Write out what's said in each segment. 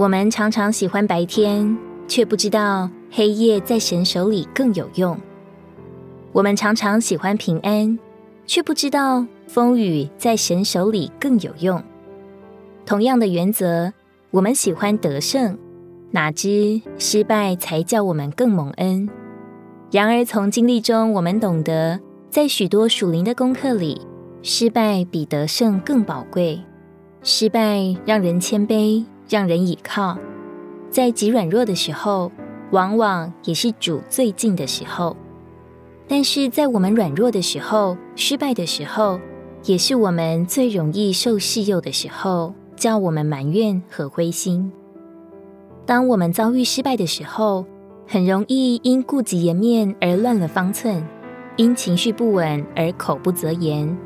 我們常常喜歡白天，卻不知道黑夜在神手裡更有用。我們常常喜歡平安，卻不知道風雨在神手裡更有用。同樣的原則，我們喜歡得勝，哪知失敗才叫我們更蒙恩。然而，從經歷中，我們懂得，在許多屬靈的功課裡，失敗比得勝更寶貴。失敗讓人謙卑。讓人倚靠，在極軟弱的時候，往往也是主最近的時候。但是在我們軟弱的時候、失敗的時候，也是我們最容易受試誘的時候，叫我們埋怨和灰心。當我們遭遇失敗的時候，很容易因顧及顏面而亂了方寸，因情緒不穩而口不擇言。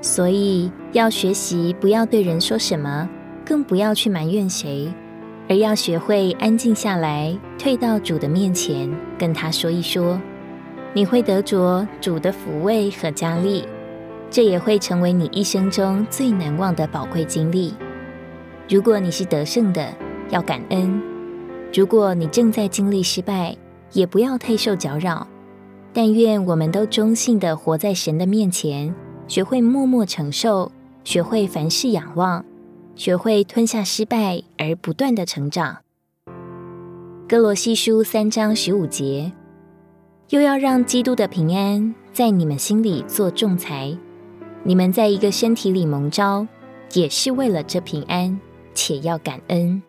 所以要學習不要對人說什麼。更不要去埋怨誰，而要學會安靜下來，退到主的面前，跟他說一說，你會得着主的撫慰和加力，這也會成為你一生中最難忘的寶貴經歷。如果你是得勝的，要感恩；如果你正在經歷失敗，也不要太受攪擾。但願我們都忠信的活在神的面前，學會默默承受，學會凡事仰望。學會吞下失敗而不斷的成長。歌羅西書三章十五節，又要讓基督的平安在你們心裡作仲裁。你們在一個身體裡蒙召，也是為了這平安，且要感恩。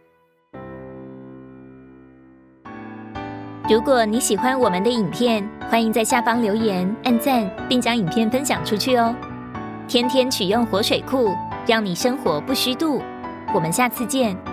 如果你喜歡我們的影片，歡迎在下方留言、按讚，並將影片分享出去哦。天天取用活水庫，讓你生活不虛度，我們下次見。